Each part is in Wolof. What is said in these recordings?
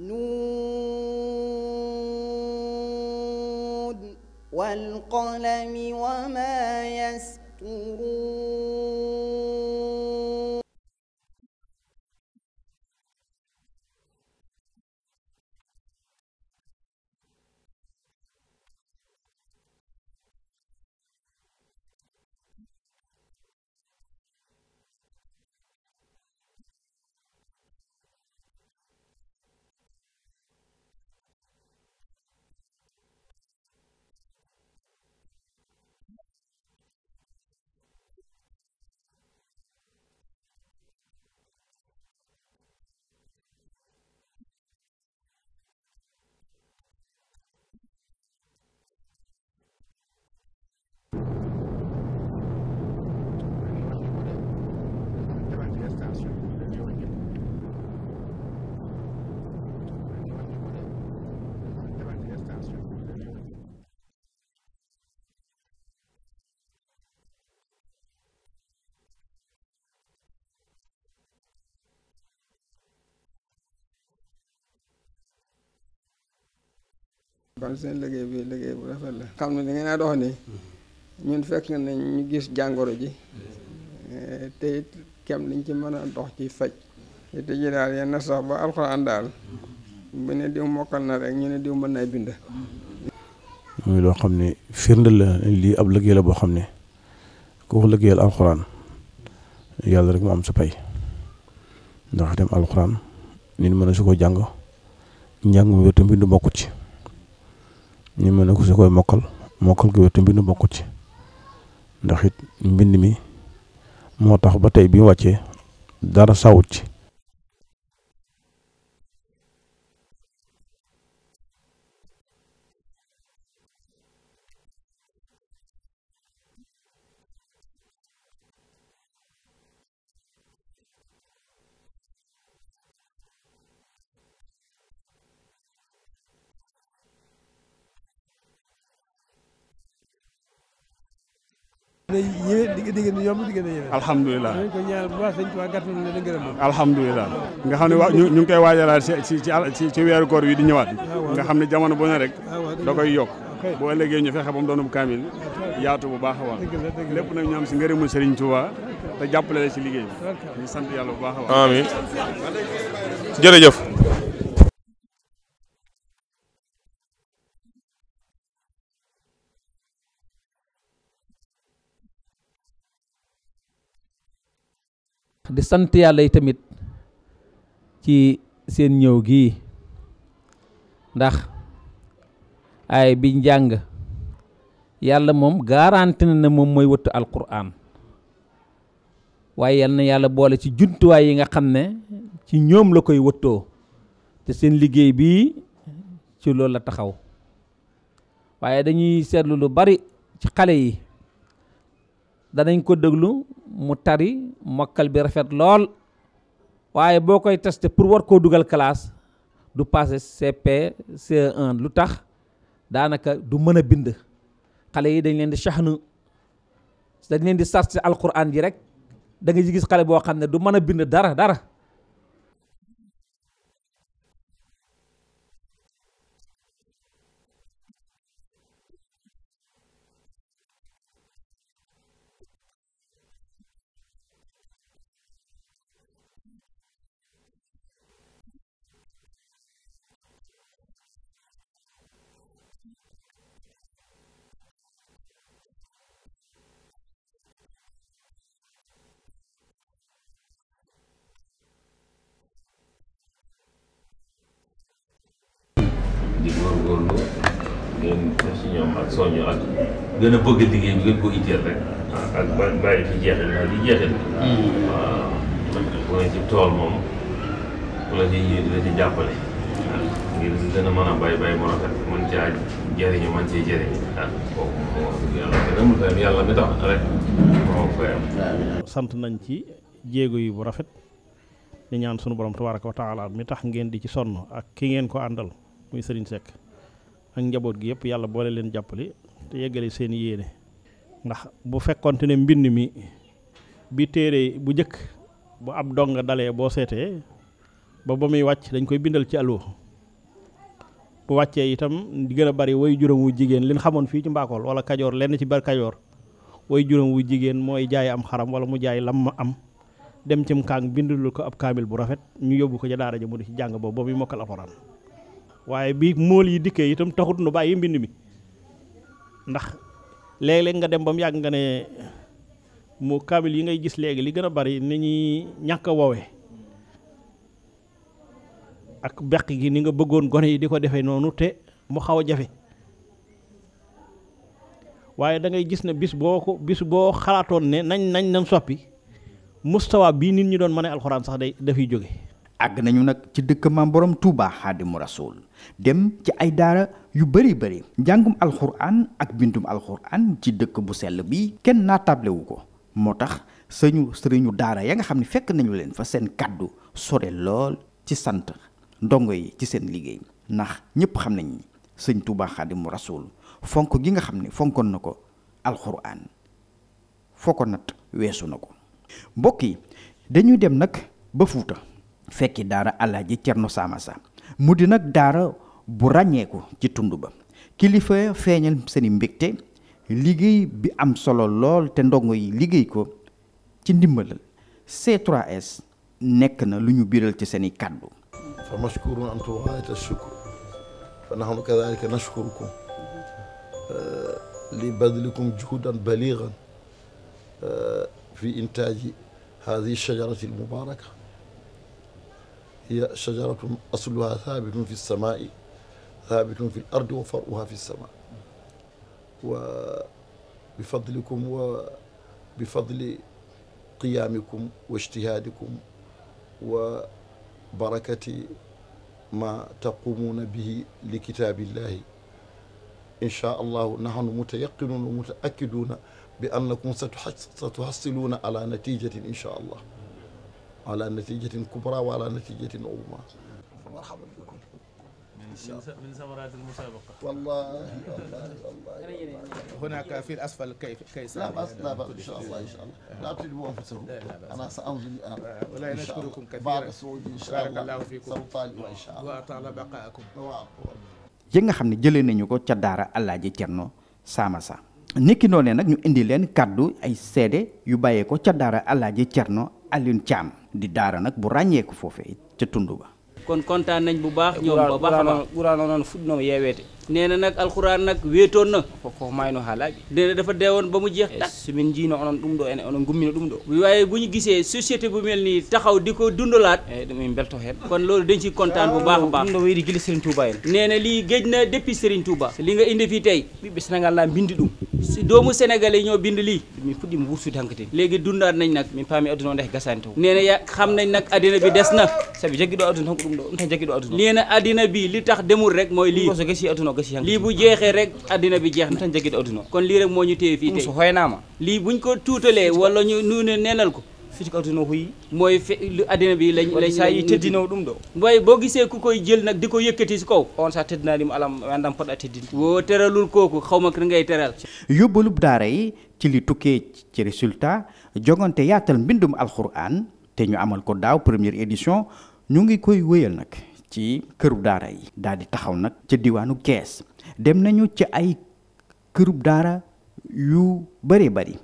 nuun wal qalami wa maa yasturuun kon seen liggéey bi liggéey bu rafet la xam ne da ngeen a dox ni mm-hmm. ñun fekk nañ ñu gis jàngoro ji mm-hmm. eh, te it kem liñ ci mën a dox ci faj te ji daal yenn sax ba alxuraan daal mm-hmm. bu ne diw mokkal na rek ñu ne diw mën naa bind muy loo xam ne firnde la lii ab liggéey la boo xam ne ku wax liggéeyal alxuraan yàlla rek mu am sa pay ndax dem alxuraan nit mën a su ko jàng njàng mu wér te mbindu bokkut ci ñu mel ne ku si koy mokkal mokkal gi wér te mbind bokku ci ndax it mbind mi moo tax ba tey bi mu wàccee dara sawut ci alhamdulilah dañ ko ñaanal bu baax sëñ nga xam ne waa ñu ngi koy waajalaat ci ci ci weeru koor wi di ñëwaat ah, nga xam ne jamono bu ne rek ah, da koy yokk boo ëllëgee ñu fexe ba mu doonub kaamil yaatu bu baax a wax lépp nag ñu am si ngërëmu Serigne Touba te jàppale la si liggéey bi ñu sant yàlla bu baax a wax amiin jërëjëf di sant yàlla yi tamit ci seen ñëw gii ndax aay bi njàng yàlla moom garanti na ne moom mooy wëttu alquran waaye yal na yàlla boole ci jumtuwaay yi nga xam ne ci ñoom la koy wëttoo te seen liggéey bii ci loolu la taxaw waaye dañuy seetlu lu bari ci xale yi danañ ko déglu mu tari mokkal bi rafet lool waaye boo koy testé pour war koo dugal kalaas du passé CP ce lu tax daanaka du mën a bind xale yi dañ leen di saxnu dañ leen di sarti alquran ji rek da nga gis xale boo xam ne du mën a bind dara dara soññu ak gën a bëgg liggéey bi gën koo itteel rek. ak bàyyi fi jeexit ndax li jeexit. Hmm. waaw man bu ne ci tool moom jàppale. ngir gën a mën a bàyyi bàyyi mu rafet mën caa jëriñu mën cee jëriñu ah yàlla mi tax rek moo koy am. sant nañ ci jéego yi bu rafet di ñaan sunu borom tabaaraka wa taala mi tax ngeen di ci sonn ak ki ngeen ko àndal muy Serigne Seck. ak njaboot gi yëpp yàlla boole leen jàppale te yeggale seen yéene ndax bu fekkonte ne mbind mi bi téere bu njëkk bu ab dong dalee boo seetee ba ba muy wàcc dañ koy bindal ci allo bu wàccee itam di gën a bari woy juróom wu jigéen leen xamoon fii ci mbaakool wala kajoor lenn ci bar kajoor way juróom wu jigéen mooy jaay am xaram wala mu jaay lam ma am dem cim kaang bindalul ko ab kaamil bu rafet ñu yóbbu ko ca daara ja mu di ci jàng boobu ba muy mokkal waaye bi mool yi dikkee itam taxut nu bàyyi mbind mi ndax léeg-léeg nga dem ba mu yàgg nga ne mu kaamil yi ngay gis léegi li gën a bari ni ñuy ñàkk a woowee ak beq gi ni nga bëggoon gone yi di ko defee noonu te mu xaw a jafe waaye dangay gis ne bis boo ko bis boo xalaatoon ne nañ nañ nañ soppi mustawa bii nit ñi doon mën a alxuraan sax day dafiy jóge àgg nañu nag ci dëkk maam borom Touba xaadimu rasul dem ci ay daara yu bëri bëri njàngum alxuraan ak bindum alxuraan ci dëkk bu sell bii kenn naattablewu ko moo tax sëñu sëriñu daara ya nga xam ne fekk nañu leen fa seen kàddu sore lool ci sant ndongo yi ci seen liggéey ndax ñëpp xam nañ ni sëñ Touba xaadimu rasul fonk gi nga xam ne fonkoon na ko alxuraan foo ko nat weesu na ko mbokk yi dañuy dem nag ba Fuuta fekki daara alaaji Cerno Samassa mu di nag daara bu ràññeeku ci tund ba kilifa feeñal seeni mbégte liggéey bi am solo lool te ndongo yi liggéey ko ci ndimbalal c nekk na lu ñu biral ci seeni kàddu fa mashkurun antum wa alayta shukr fa nahnu kadhalika nashkurukum li badlikum juhudan balighan fi intaji hadhihi shajarati al mubaraka hiya shajaratun asluha thabitun fi lsamai thabitun fi l ardi wa faruha fi lsama wa bifadlikum wa bifadli qiyaamikum wa ijtihaadikum wa barakati ma taqumuuna bihi li kitaabillahi inchaa allahu nahnu mutayaqinuun wa mutaakiduuna bi annakum satuhassiluuna ala natijatin inchaa allah ala natijatin kubra wa ala natijatin uzma marhaban bikum من ثمرات المسابقة والله والله والله هناك في الأسفل كيف كيس لا بأس لا بأس إن شاء الله إن شاء الله لا تجلبوا أنفسكم أنا سأمضي الآن ولا نشكركم كثيرا بعد سعودي إن شاء الله بارك الله فيكم سأطالب إن شاء الله وأطال بقاءكم yi nga xam ne jëlee nañu ko ca daara Alaaji Cerno Samassa nekki noonee nag ñu indi leen kàddu ay seede yu bàyyee ko ca daara Alaaji Cerno Alioune Thiam di daara nag bu ràññeeku foofee ca tund ba kon kontaan nañ bu baax ñoom ba baax a baax qur'ana noon fuɗɗinoma yeeweete nee na nag nag weetoon na koko mayno haalaaɓe nee na dafa deewoon ba mu jeex eh, tak somin jiino onon ɗum ɗo ene onon gummino ɗum ɗo waaye bu ñu gisee société bu mel ni taxaw di ko dundalaat eyyi eh, ɗum min belto heen kon loolu dañ ci kontaan bu baax a baax ɗum ɗo weydi nee na lii géej na depuis Serigne Touba li nga indi fii tey ɓiɓɓe Sénégal naa bindi ɗum si doomu sénégalais yi ñoo bind lii min fuɗɗima wursude hankkadin léegi dundaat nañ nag min paami aduna o ndehe gasani taw nee na ya xam nañ nag adina bi des na saabi doo aduna tan ko ɗum ɗo ɗum tan jagguiɗo aduna bi li tax demul rek mooy lii so gasi aduna o lii bu jeexee rek adina bi jeex na tan jagguiɗo aduna o kon lii rek moo ñu téye fii tey so hoynama lii buñ ko tuutalee walla ñu ne nenal ko fitikaldino hoyi moye fe adina bi lañ lañ sa yi teddinowo ɗum ɗo moye bo gisee ku koy jël nag di ko yëkkati si kaw on sa teddinanima alam andam poɗɗa teddinde wo teralul kooku xawma ko ngay teral yóbbalub daara yi ci li tukkee ci résultat jogante yaatal mbindum alxuraan te ñu amal ko daaw première édition ñu ngi koy wéyal nag ci kërub daara yi daal di taxaw nag ca diwaanu Kees dem nañu ci ay kërub daara yu bëree bëri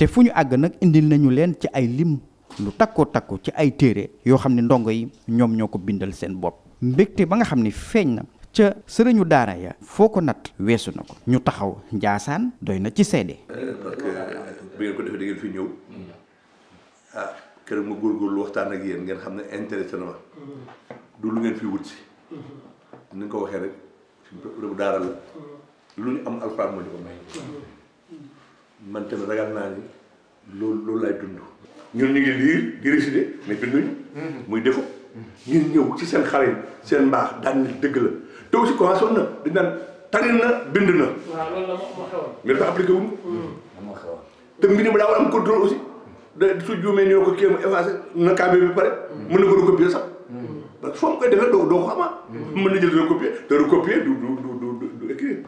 te fu ñu àgg nag indil nañu leen ci ay lim lu takkoo takku ci ay téere yoo xam ne ndongo yi ñoom ñoo ko bindal seen bopp mbégte ba nga xam ne feeñ na ca sërañu daara ya foo ko nat weesu na ko ñu taxaw njaasaan doy na ci seede parce ngeen ko defee da ngeen fi ñëw ah kër ma góorgóorlu waxtaan ak yéen ngeen xam ne intéressé na du lu ngeen fi wut si ni ko waxee rek lu ñu am alxuraan moo ñu ko may mante tamit ragal naa ni loolu loolu laay dund. ñun ñu ngi liir di résider mais binduñu. Mhm. muy defu ñun ñëw ci seen xale seen mbaax daan dëgg la te aussi commencé woon na bind na. waaw loolu la moo xewoon. mais a mhm. am contrôle aussi da su ko kii mu na camion bi pare. Mhm. mën na ko recopier sax. parce que foo mu koy defee doo doo ko xamaa. Ah. mën na jël recopier te recopier du du du du du écrire.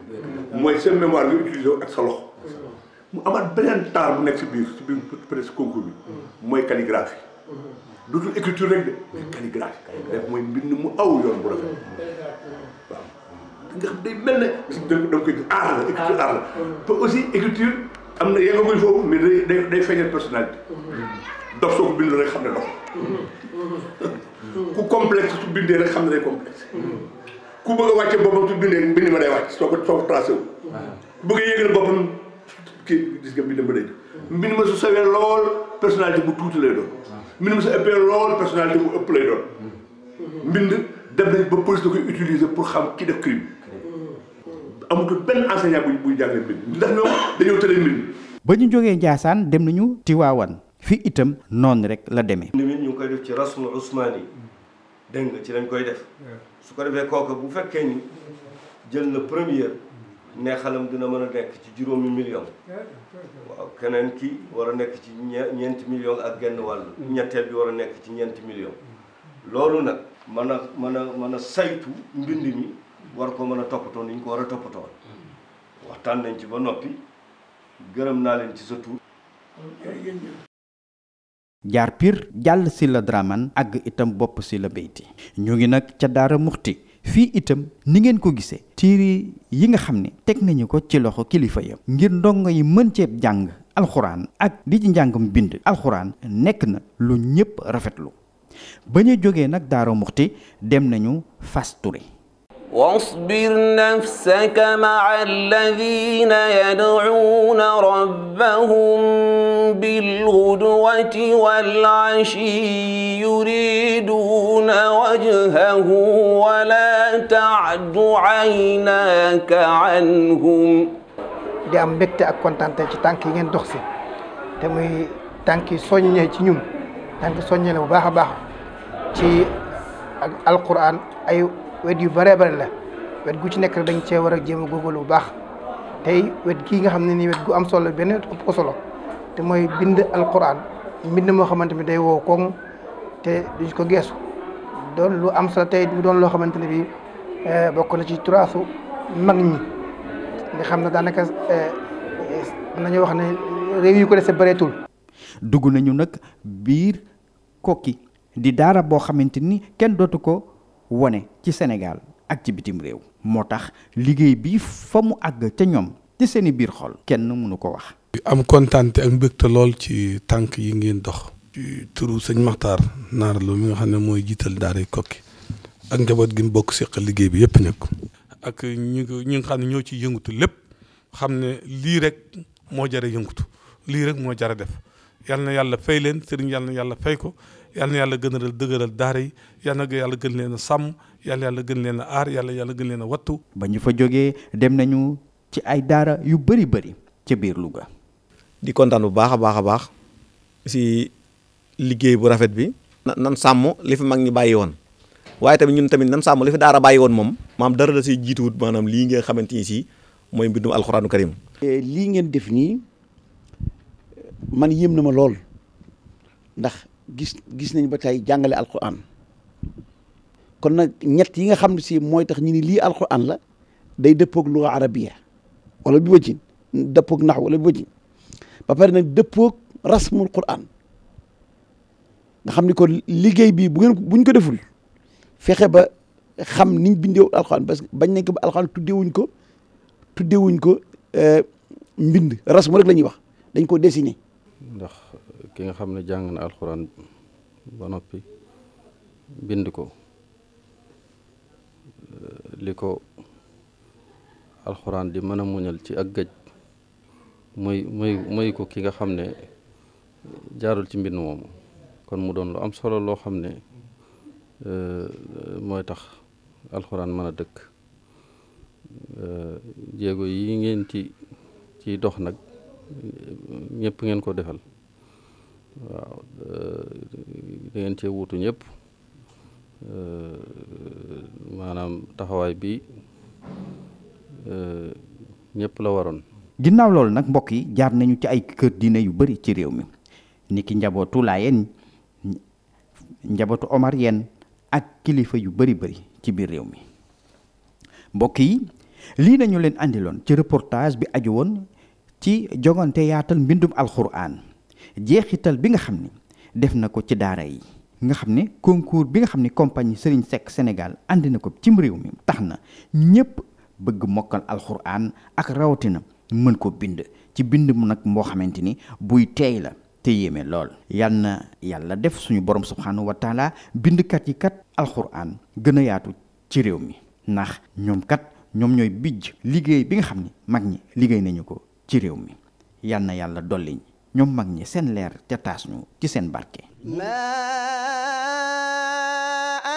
mooy seen mémoire nga utiliser ak sa loxo. mu amaat beneen taar bu nekk si biir si biir presque concours mooy calligraphie dootul écriture rek de mais calligraphie mooy mbind mu aw yoon bu rafet waaw nga xam day mel ne da koy aar la écriture aar la aussi écriture am na yëngu-yëngu foofu mais day day day feeñal personnalité dof soo ko bindoo rek xam ne dof ku complexe su bindee rek xam ne day complexe ku bëgg wàcce boppam su bindee mbind ma day wàcc soo ko soo ko tracé wu bëgg boppam kii mbind ma su sawee lool personnalité bu tuuti lay doon mbind ma su ëppee lool personnalité bu ëpp lay doon mbind dem nañ ba police da koy utiliser pour xam ki def crime amatul benn enseignant bu buy jàngale mbind mbind ba ñu jógee Njaasaan dem nañu Tiwaawan fii itam noon rek la demee mbind ñu koy def ci rasmu usmaan yi dégg nga ci lañ koy def su ko defee kooku bu fekkee ni jël na première neexalam dina mën a nekk ci juróomi million waaw keneen ki war a nekk ci ñeenti million ak genn wàll ñetteel bi war a nekk ci ñeenti million loolu nag mën a mën a mën a saytu mbind mi war ko mën a toppatoo ni ko war a toppatoo waxtaan nañ ci ba noppi gërëm naa leen ci sa tur jaar piir jàll si la draman ak itam bopp ci la béyti ñu ngi nag ca daara muxti fii itam ni ngeen ko gise tiiri yi nga xam ne teg nañu ko ci loxo kilifa ya ngir ndongo yi mën ceeb jàng alxuraan ak di ci njàngam bind alxuraan nekk na lu ñëpp rafetlu ba ñu jógee nag Daaru Muxti dem nañu Fass Touré واصبر نفسك مع الذين يدعون ربهم بالغدوة والعشي يريدون وجهه تعد عيناك عنهم di am mbégte ak kontaante ci tànk yi ngeen dox si te muy tànk yi soññee ci ñun tànk soññee la bu baax a baax ci ak alquran ay wet yu bëree bëri la wet gu ci nekk dañ cee war a jéem a góorgóorlu bu baax tey wet gi nga xam ne nii wet gu am solo benn wet ëpp ko solo te mooy bind alquran mbind moo xamante ni day wow koŋ te duñ ko geesu doon lu am solo tey doon loo xamante ne bii Eh, bokk na ci turaasu mag ñi nga xam ne daanaka eh, nañu wax ne réew yu ko dese bëreetul. dugg nañu nag biir kokki di daara boo xamante ni kenn dootu ko wone ci Sénégal ak ci bitim réew moo tax liggéey bi fa mu àgg ca ñoom ci seen i biir xol kenn mënu ko wax. am kontaante ak mbégte lool ci tànk yi ngeen dox. ci turu sëñ Maxtaar Naar Lo mi nga xam ne mooy jiital daara yi kokki ak njaboot gi mu bokk seqal liggéey bi yëpp nag. ak ñi ñi nga xam ne ñoo ciy yëngatu lépp xam ne lii rek moo jar a lii rek moo jar a def yal na yàlla fay leen sëriñ yal na yàlla fay ko yal na yàlla gën a dëgëral daara yi yal yàlla gën leen sàmm yal na yàlla gën leen a aar yal na yàlla gën leen a wattu. ba ñu fa jógee dem nañu ci ay daara yu bari bari ci biir Louga. di kontaan bu baax a baax a baax si liggéey bu rafet bi. nan sàmm li fi mag ñi bàyyi woon. waaye tamit ñun tamit nan sàmm li fi daara bàyyi woon moom maam dara da siy jiituwut maanaam lii ngeen xamante ni sii mooy mbindum alxuraanu karim eh, lii ngeen def nii man yéem na ma lool ndax gis gis nañ ba tey jàngale alxuraan kon nag ñett yi nga xam ne si mooy tax ñu ni lii alxuraan la day dëppoog luga arabiya wala bi wajin dëppook nax wala bi wajin ba pare nag dëppoog rasmul quraan nga xam ni ko liggéey bii bu ngeen ko deful fexe ba xam niñ bindee alxuraan parce que bañ nañ ko ba alxuraan tuddewuñ ko tuddewuñ ko euh, mbind rasmu rek la ñuy wax dañ ko dessiner. ndax ki nga xam ne jàng na alxuraan ba noppi bind ko euh, li ko alxuraan di mën a muñal ci ak gëj mooy mooy mooy ko ki nga xam ne jaarul ci mbind moomu kon mu doon lu am solo loo xam ne. mooy tax alxuraan mën a dëkk euh, jéego yi ngeen ci ci dox nag ñëpp ngeen ko defal waaw euh, da ngeen cee wuutu euh, maanaam taxawaay bi ñëpp la waroon. ginnaaw loolu nag mbokk yi jaar nañu ci ay kër diine yu bari ci réew mi niki njabootu Laayeen njabootu Omar yeen ak kilifa yu bari bari ci biir réew mi mbokk yi lii nañu leen andiloon ci reportage bi aju woon ci jogante yaatal mbindum alxuraan jeexital bi nga xam ni def na ko ci daara yi nga xam ne concours bi nga xam ni compagnie Serigne Seck senegal andi na ko cim réew mi tax na ñépp bëgg mokkal alxuraan ak rawatina mën ko bind ci bind mu nag moo xamante ni buy teey la te yéeme lool yal na yàlla def suñu borom subhanahu wa bind bindkat yi kat alxuraan gën a yaatu ci réew mi ndax ñoom kat ñoom ñooy bijj liggéey bi nga xam ni mag ñi liggéey nañu ko ci réew mi yal na yàlla dolliñ ñoom mag ñi seen leer te taas ñu ci seen barke maa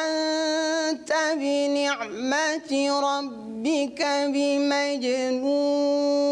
anta bi ni'mati rabbika bi majnun